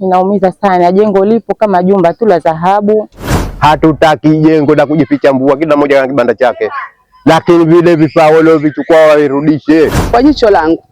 inaumiza sana. Jengo lipo kama jumba tu la dhahabu. Hatutaki jengo la kujificha mbua, kila mmoja na kibanda chake, lakini vile vifaa waliovichukua wavirudishe. Kwa jicho langu,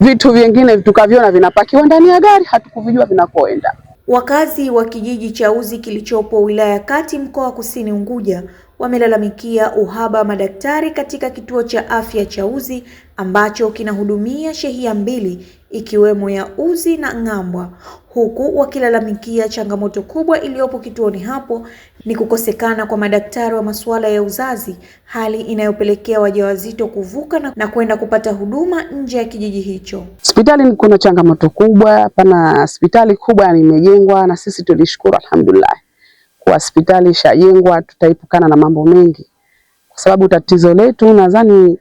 vitu vingine tukaviona vinapakiwa ndani ya gari, hatukuvijua vinakoenda. Wakazi wa kijiji cha Uzi kilichopo wilaya ya Kati mkoa wa Kusini Unguja wamelalamikia uhaba wa madaktari katika kituo cha afya cha Uzi ambacho kinahudumia shehia mbili ikiwemo ya Uzi na Ng'ambwa, huku wakilalamikia changamoto kubwa iliyopo kituoni hapo ni kukosekana kwa madaktari wa masuala ya uzazi, hali inayopelekea wajawazito kuvuka na, na kwenda kupata huduma nje ya kijiji hicho. Hospitali kuna changamoto kubwa, pana hospitali kubwa imejengwa, na sisi tulishukuru alhamdulillah kwa hospitali ishajengwa, tutaepukana na mambo mengi, kwa sababu tatizo letu nadhani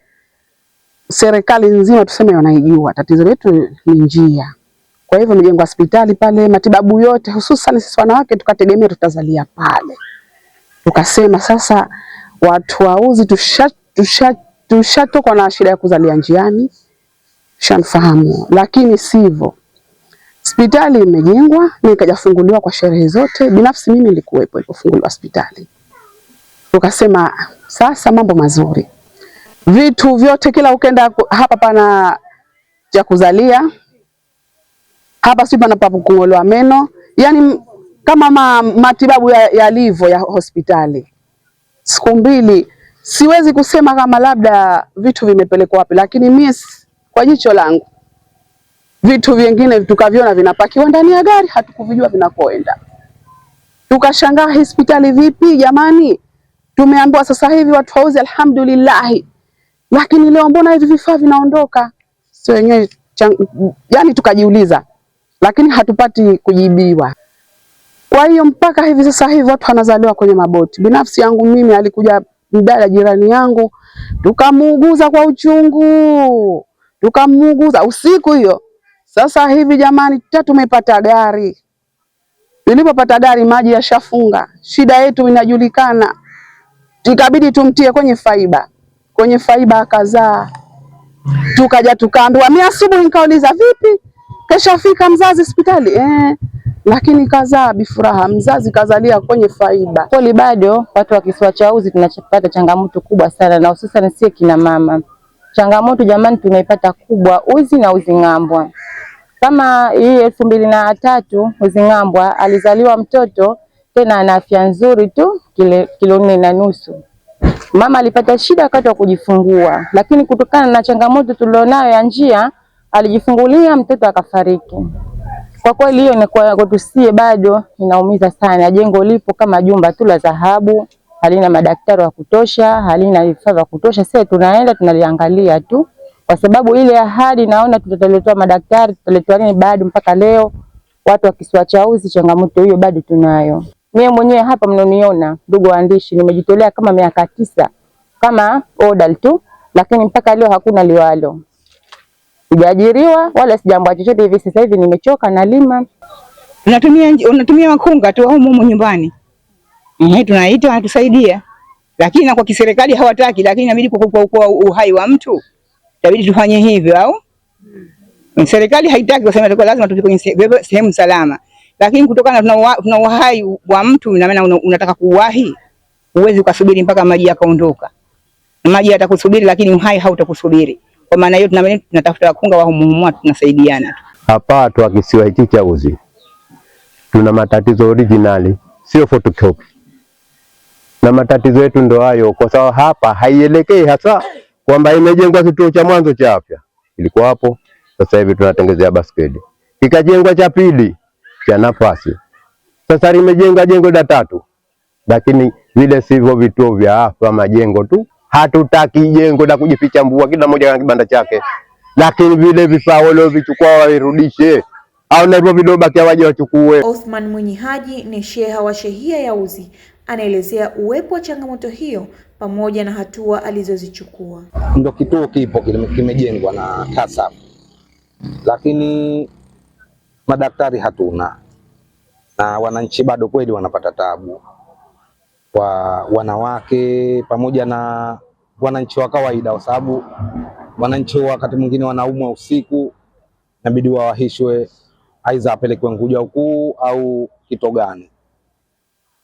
serikali nzima tuseme wanaijua. Tatizo letu ni njia. Kwa hivyo imejengwa hospitali pale, matibabu yote, hususan sisi wanawake tukategemea tutazalia pale. Tukasema sasa watu wauzi tusha tusha tushatokwa na shida ya kuzalia njiani, shanfahamu. lakini sivyo. Hospitali imejengwa na ikajafunguliwa kwa sherehe zote. Binafsi mimi nilikuwepo ilipofunguliwa hospitali, tukasema sasa mambo mazuri vitu vyote, kila ukenda hapa pana cha kuzalia, hapa si pana pa meno, yani kama ma, matibabu yalivyo ya, ya hospitali. Siku mbili siwezi kusema kama labda vitu vimepelekwa wapi, lakini mie kwa jicho langu vitu vingine tukaviona vinapakiwa ndani ya gari, hatukuvijua vinakoenda. Tukashangaa hospitali vipi jamani? Tumeambiwa sasa hivi watu hauzi, alhamdulillahi lakini leo mbona hivi vifaa vinaondoka? Sio wenyewe yani, tukajiuliza, lakini hatupati kujibiwa. Kwa hiyo mpaka hivi sasa hivi watu wanazaliwa kwenye maboti. Binafsi yangu mimi, alikuja mdada jirani yangu, tukamuuguza kwa uchungu, tukamuuguza usiku hiyo. Sasa hivi jamani, ta tumepata gari. Nilipopata gari, maji yashafunga, shida yetu inajulikana, ikabidi tumtie kwenye faiba kwenye faiba kadhaa. Tukaja tukaambiwa mimi asubuhi, nikauliza vipi, keshafika mzazi hospitali eh, lakini kazaa bifuraha, mzazi kazalia kwenye faiba. Kweli bado watu wa kisiwa cha Uzi tunapata changamoto kubwa sana, na hususan sie kina mama, changamoto jamani, tunaipata kubwa Uzi na Uzi Ng'ambwa. Kama hii elfu mbili na tatu Uzi Ng'ambwa alizaliwa mtoto tena ana afya nzuri tu, kilo nne na nusu Mama alipata shida wakati wa kujifungua, lakini kutokana na changamoto tulionayo ya njia alijifungulia mtoto akafariki. Kwa kweli hiyo inakuwa bado inaumiza sana. Jengo lipo kama jumba tu la dhahabu, halina madaktari wa kutosha, halina vifaa vya kutosha. Sasa tunaenda tunaliangalia tu, kwa sababu ile ahadi naona tutaletewa madaktari, tutaletewa nini, bado mpaka leo watu wa kisiwa cha Uzi changamoto hiyo bado tunayo. Mimi mwenyewe hapa mnoniona, ndugu waandishi, nimejitolea kama miaka tisa kama odal tu, lakini mpaka leo hakuna liwalo, sijaajiriwa wala sijambo chochote. Hivi sasa hivi nimechoka, nalima, unatumia unatumia wakunga tu au mumu nyumbani. Mm-hmm. Ehe, tunaita anatusaidia, lakini na kwa kiserikali hawataki, lakini inabidi kwa uhai wa mtu inabidi tufanye hivyo, au mm. serikali haitaki, kwa sababu lazima tufike kwenye sehemu salama lakini kutokana tuna uhai wa mtu, na maana unataka kuuahi, uwezi ukasubiri mpaka maji yakaondoka. Maji yatakusubiri, lakini uhai hautakusubiri. Kwa maana hiyo, tuna tunatafuta wakunga wa humuhumua, tunasaidiana hapa. tu. kisiwa hichi cha Uzi tuna matatizo originali, sio photocopy, na matatizo yetu ndo hayo, kwa sababu hapa haielekei hasa kwamba imejengwa kituo cha mwanzo cha afya, ilikuwa hapo. Sasa hivi tunatengenezea basketi, kikajengwa cha pili ya nafasi. Sasa limejenga jengo la tatu, lakini vile sivyo vituo vya afya, majengo tu. Hatutaki jengo la kujificha mbua, kila mmoja ana kibanda chake, lakini vile vifaa waliovichukua wairudishe au na hivyo vidobakia waje wachukue. Othman Mwinyi Haji ni sheha wa shehia ya Uzi anaelezea uwepo wa changamoto hiyo pamoja na hatua alizozichukua. Ndio kituo kipo kimejengwa na TASAF, lakini madaktari hatuna, na wananchi bado kweli wanapata tabu, kwa wanawake pamoja na wananchi wa kawaida, kwa sababu wananchi wakati mwingine wanaumwa usiku, inabidi wawahishwe, aidha apelekwe nguja Ukuu au Kitogani.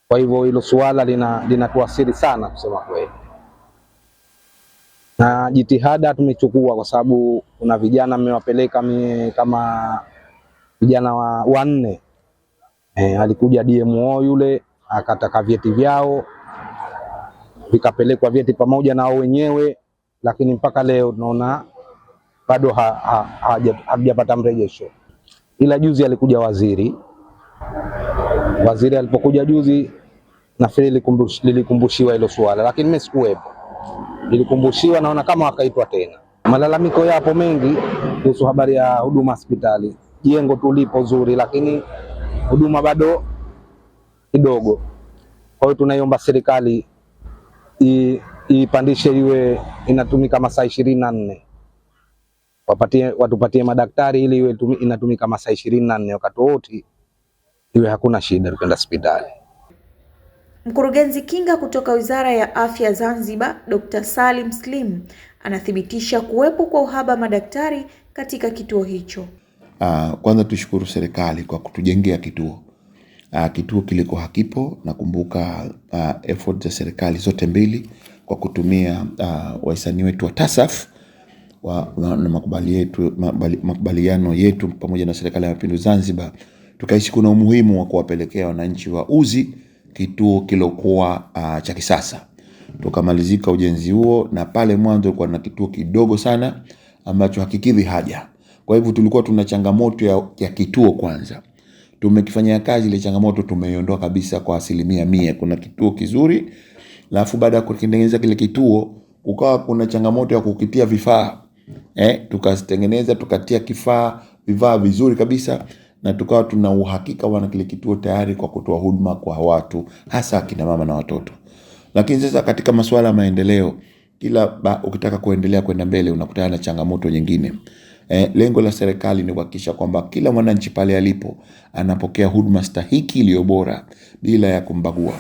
Kwa hivyo hilo suala linatuasiri sana kusema kweli, na jitihada tumechukua, kwa sababu kuna vijana mmewapeleka mie kama vijana wanne wa e, alikuja DMO yule akataka vyeti vyao vikapelekwa vyeti pamoja na wao wenyewe, lakini mpaka leo tunaona bado hatujapata ha, ha, mrejesho. Ila juzi alikuja waziri. Waziri alipokuja juzi, nafikiri lilikumbushiwa hilo suala, lakini mimi sikuwepo, lilikumbushiwa, naona kama wakaitwa tena. Malalamiko yapo mengi kuhusu habari ya huduma hospitali jengo tulipo zuri, lakini huduma bado kidogo. Kwa hiyo tunaiomba serikali ipandishe iwe inatumika masaa ishirini na nne wapatie watupatie madaktari ili iwe inatumika masaa ishirini na nne wakati wote, iwe hakuna shida tukienda hospitali. Mkurugenzi kinga kutoka Wizara ya Afya Zanzibar, Dr. Salim Slim anathibitisha kuwepo kwa uhaba madaktari katika kituo hicho. Uh, kwanza tushukuru serikali kwa kutujengea kituo. Uh, kituo kiliko hakipo nakumbuka, uh, effort za serikali zote mbili kwa kutumia uh, wahisani wetu wa TASAF wa, na makubaliano yetu pamoja na serikali ya mapinduzi Zanzibar, tukaishi kuna umuhimu wa kuwapelekea wananchi wa Uzi kituo kilokuwa uh, cha kisasa. Tukamalizika ujenzi huo, na pale mwanzo ilikuwa na kituo kidogo sana ambacho hakikidhi haja kwa hivyo tulikuwa tuna changamoto ya, ya kituo kwanza, tumekifanyia kazi ile changamoto, tumeiondoa kabisa kwa asilimia mia. Kuna kituo kizuri, alafu baada ya kutengeneza kile kituo kukawa kuna changamoto ya kukitia vifaa eh, tukatengeneza tukatia kifaa vifaa vizuri kabisa na tukawa tuna uhakika wana kile kituo tayari kwa kutoa huduma kwa watu hasa akina mama na watoto. Lakini sasa katika masuala ya maendeleo, kila ba, ukitaka kuendelea kwenda mbele unakutana na changamoto nyingine eh, lengo la serikali ni kuhakikisha kwamba kila mwananchi pale alipo anapokea huduma stahiki iliyo bora bila ya kumbagua.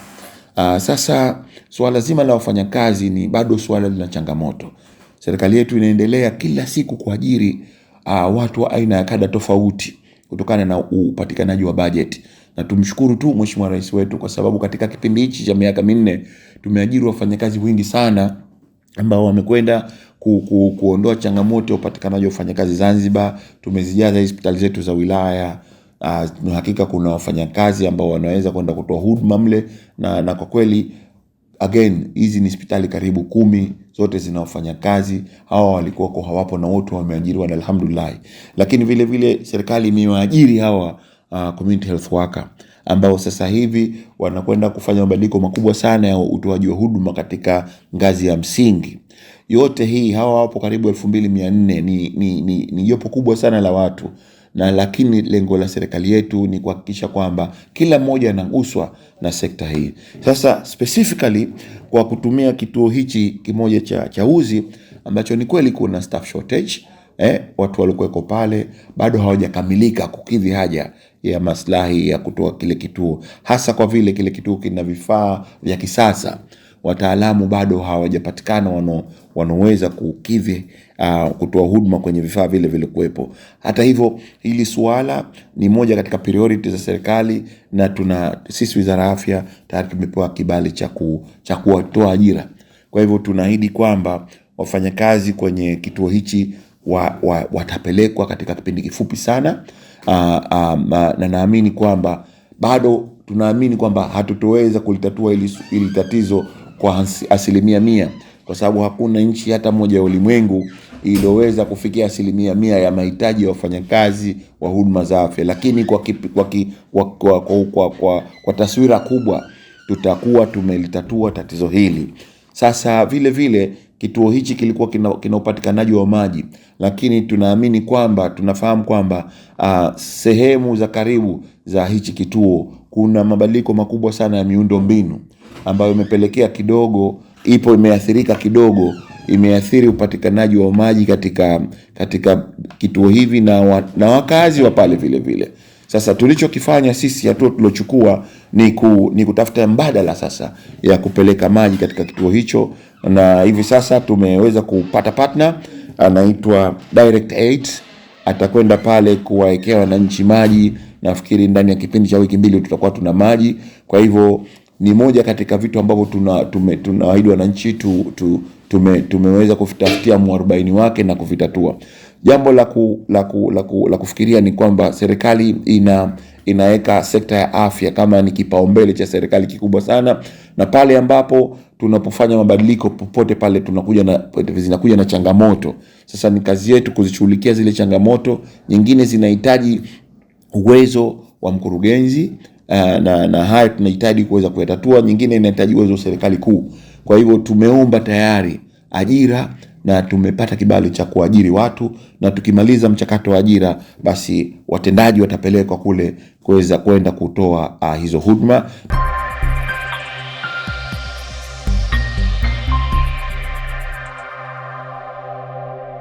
Uh, sasa swala zima la wafanyakazi ni bado swala lina changamoto. Serikali yetu inaendelea kila siku kuajiri uh, watu wa aina ya kada tofauti kutokana na upatikanaji wa bajeti, na tumshukuru tu Mheshimiwa Rais wetu kwa sababu katika kipindi hichi cha miaka minne tumeajiri wafanyakazi wengi sana ambao wamekwenda ku, ku, kuondoa changamoto ya upatikanaji wa wafanyakazi Zanzibar. Tumezijaza hospitali zetu za wilaya ah, na hakika kuna wafanyakazi ambao wanaweza kwenda kutoa huduma mle na, na kwa kweli again hizi ni hospitali karibu kumi zote zina wafanyakazi hawa walikuwa kwa hawapo na wote wameajiriwa na alhamdulillah. Lakini vile vile serikali imewaajiri hawa uh, community health worker ambao sasa hivi wanakwenda kufanya mabadiliko makubwa sana ya utoaji wa huduma katika ngazi ya msingi yote hii hawa wapo karibu 2400 mia ni, ni, ni, ni jopo kubwa sana la watu na lakini lengo la serikali yetu ni kuhakikisha kwamba kila mmoja anaguswa na sekta hii. Sasa specifically kwa kutumia kituo hichi kimoja cha Chauzi ambacho ni kweli kuna staff shortage eh, watu walikuweko pale bado hawajakamilika kukidhi haja ya maslahi ya kutoa kile kituo, hasa kwa vile kile kituo kina vifaa vya kisasa wataalamu bado hawajapatikana wanaweza wanaoweza kukidhi uh, kutoa huduma kwenye vifaa vile vilikuwepo. Hata hivyo, hili suala ni moja katika priority za serikali, na tuna sisi Wizara ya Afya tayari tumepewa kibali cha kutoa ajira. Kwa hivyo tunaahidi kwamba wafanyakazi kwenye kituo hichi wa, wa, watapelekwa katika kipindi kifupi sana uh, um, na naamini kwamba bado tunaamini kwamba hatutoweza kulitatua ili tatizo kwa asilimia mia, kwa sababu hakuna nchi hata moja ya ulimwengu iliyoweza kufikia asilimia mia ya mahitaji ya wafanyakazi wa huduma za afya. Lakini kwa, kipi, kwa, ki, kwa, kwa, kwa, kwa, kwa, kwa taswira kubwa tutakuwa tumelitatua tatizo hili. Sasa vile vile kituo hichi kilikuwa kina, kina upatikanaji wa maji, lakini tunaamini kwamba tunafahamu kwamba uh, sehemu za karibu za hichi kituo kuna mabadiliko makubwa sana ya miundo mbinu ambayo imepelekea kidogo, ipo imeathirika kidogo, imeathiri upatikanaji wa maji katika katika kituo hivi na, wa, na wakazi wa pale vile vile. Sasa tulichokifanya sisi, hatua tulochukua ni, ku, ni kutafuta mbadala sasa ya kupeleka maji katika kituo hicho, na hivi sasa tumeweza kupata partner anaitwa Direct Aid, atakwenda pale kuwawekea wananchi maji nafikiri ndani ya kipindi cha wiki mbili tutakuwa tuna maji. Kwa hivyo ni moja katika vitu ambavyo tunaahidi tuna wananchi tu, tu, tume, tumeweza kuvitafutia mwarobaini wake na kuvitatua. Jambo la, ku, la, ku, la, ku, la kufikiria ni kwamba serikali ina inaweka sekta ya afya kama ni kipaumbele cha serikali kikubwa sana, na pale ambapo tunapofanya mabadiliko popote pale tunakuja na, zinakuja na changamoto. Sasa ni kazi yetu kuzishughulikia zile changamoto. Nyingine zinahitaji uwezo wa mkurugenzi uh, na, na haya tunahitaji kuweza kuyatatua. Nyingine inahitaji uwezo wa serikali kuu. Kwa hivyo tumeomba tayari ajira na tumepata kibali cha kuajiri watu, na tukimaliza mchakato wa ajira, basi watendaji watapelekwa kule kuweza kwenda kutoa uh, hizo huduma.